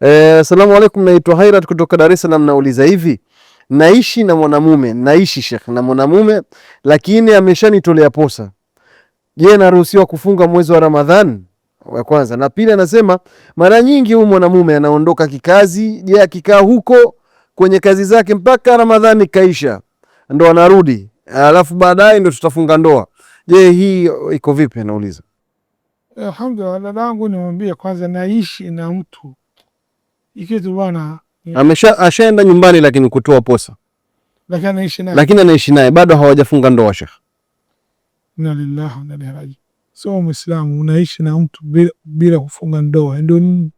Eh, salamu alaikum, naitwa Hairat kutoka Dar es Salaam. Nauliza hivi, naishi na mwanamume, naishi Sheikh na mwanamume, lakini ameshanitolea posa. Je, naruhusiwa kufunga mwezi wa Ramadhan wa kwanza na pili, anasema mara nyingi huyu mwanamume anaondoka kikazi. Je, akikaa huko kwenye kazi zake mpaka Ramadhani kaisha ndo anarudi, alafu baadaye ndo tutafunga ndoa. Je, hii iko vipi? Anauliza. Alhamdulillah, dada yangu, nimwambie kwanza, naishi na mtu Ikitu bwana amesha ashaenda nyumbani, lakini kutoa posa, lakini anaishi naye bado, hawajafunga ndoa Sheikh. Inna lillahi wa inna ilaihi rajiun. So Muislamu unaishi na mtu bila, bila kufunga ndoa ndio nini?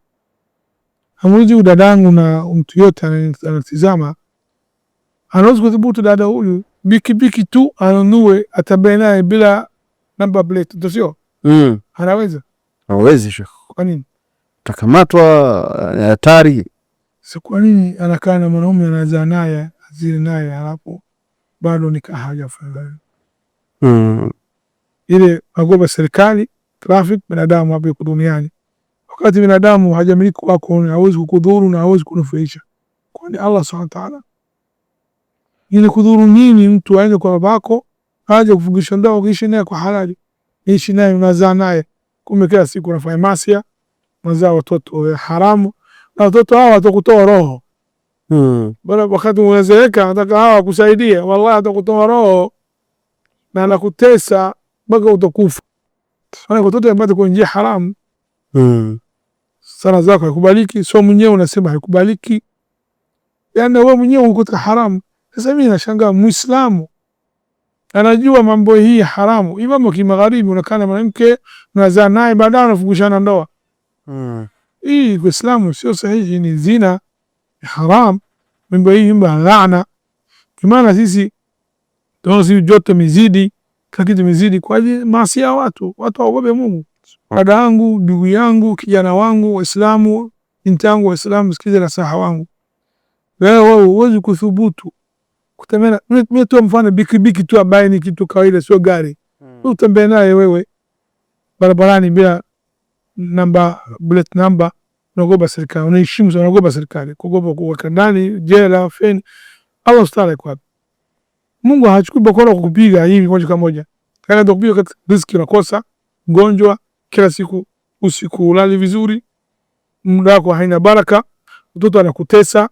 Hamwezi udadangu na mtu yote anatizama anaweza kudhubutu dada huyu bikibiki tu anunue atabee naye bila namba plate, ndio sio? Mm. Anaweza hawezi Sheikh, kwa nini? takamatwa, eh, hatari. So kwa nini anakaa na mwanaume anazaa naye azili naye halafu bado nikaa hajafungana? mm. Ile magoba serikali trafik binadamu hapa duniani, wakati binadamu hajamiliki wako, hawezi kukudhuru na hawezi kunufaisha, kwani Allah subhanahu wa ta'ala ile kudhuru nini? Mtu aende kwa babako aje kufungisha ndoa, ukiishi naye kwa halali, ishi naye, unazaa naye, kumbe kila siku unafanya masia mazao watoto eh, haramu na watoto hawa watakutoa roho hmm. Bora wakati unazeeka nataka hawa kusaidia, wallahi atakutoa roho na nakutesa mpaka utakufa. Watoto ambao kwa njia haramu hmm. Sana zako haikubaliki, so mwenyewe unasema haikubaliki, yani wewe mwenyewe uko katika haramu. Sasa mimi nashangaa Muislamu anajua mambo hii haramu, imamu kimagharibi, unakana mwanamke unazaa naye, baadaye unafukushana ndoa hii kwa Islamu sio sahihi, ni zina haram, mimba hii mimba laana. Kwa maana sisi tunaona sisi joto mizidi kila mizidi kwa ajili maasi ya watu. Watu waogope Mungu. Dada yangu, ndugu yangu, kijana wangu Waislamu, binti yangu Waislamu, na saha wangu. Wewe uwezi kuthubutu kutembea. Mimi tu mfano bikibiki tu ambaye ni kitu kawaida, sio gari. Hmm. Utembee naye wewe barabarani bila namba bullet namba, unaogopa serikali, unaheshimu sana, unaogopa serikali, kuogopa kuweka ndani jela, feni. Allah stare kwa Mungu hachukui bakora kwa kupiga hivi moja kwa moja, kana ndio kupiga riziki unakosa, gonjwa kila siku, usiku ulali vizuri, muda wako haina baraka, mtoto anakutesa,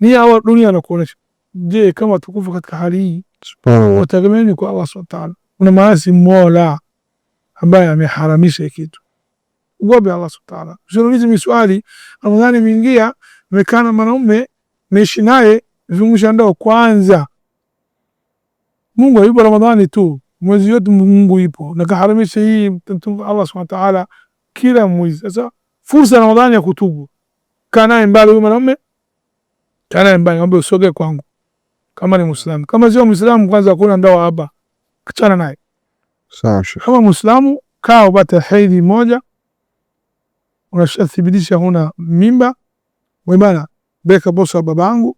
ni hawa dunia anakuonesha. Je, kama tukufu katika hali hii, subhanallah, utategemea kwa Allah Subhanahu wa Ta'ala, una maasi Mola ambaye ameharamisha kitu uombe Allah subhanahu wa ta'ala. Usiulize miswali, Ramadhani imeingia, nimekaa na mwanaume naishi naye, vungusha ndoa kwanza. Mungu yupo Ramadhani tu, mwezi wote Mungu yupo, na kaharamisha hii mtumwa Allah subhanahu wa ta'ala kila mwezi. Sasa fursa Ramadhani ya kutubu, kaa naye mbali huyo mwanaume, kaa naye mbali, ombe usoge kwangu kama ni Muislamu. Kama sio Muislamu, kwanza kuna ndoa hapa, Kachana naye. Sawa. Kama Muislamu, kaa upate hedhi moja unashathibitisha huna mimba, bana, beka bosi wa babangu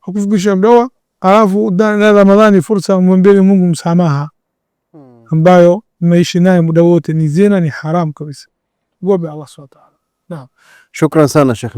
hakufikisha ndoa, alafu na Ramadhani fursa mwambie Mungu msamaha hmm. ambayo maishi naye muda wote ni zina, ni haramu kabisa. Gobe Allah subhanahu wa ta'ala. Naam, shukran sana Sheikh.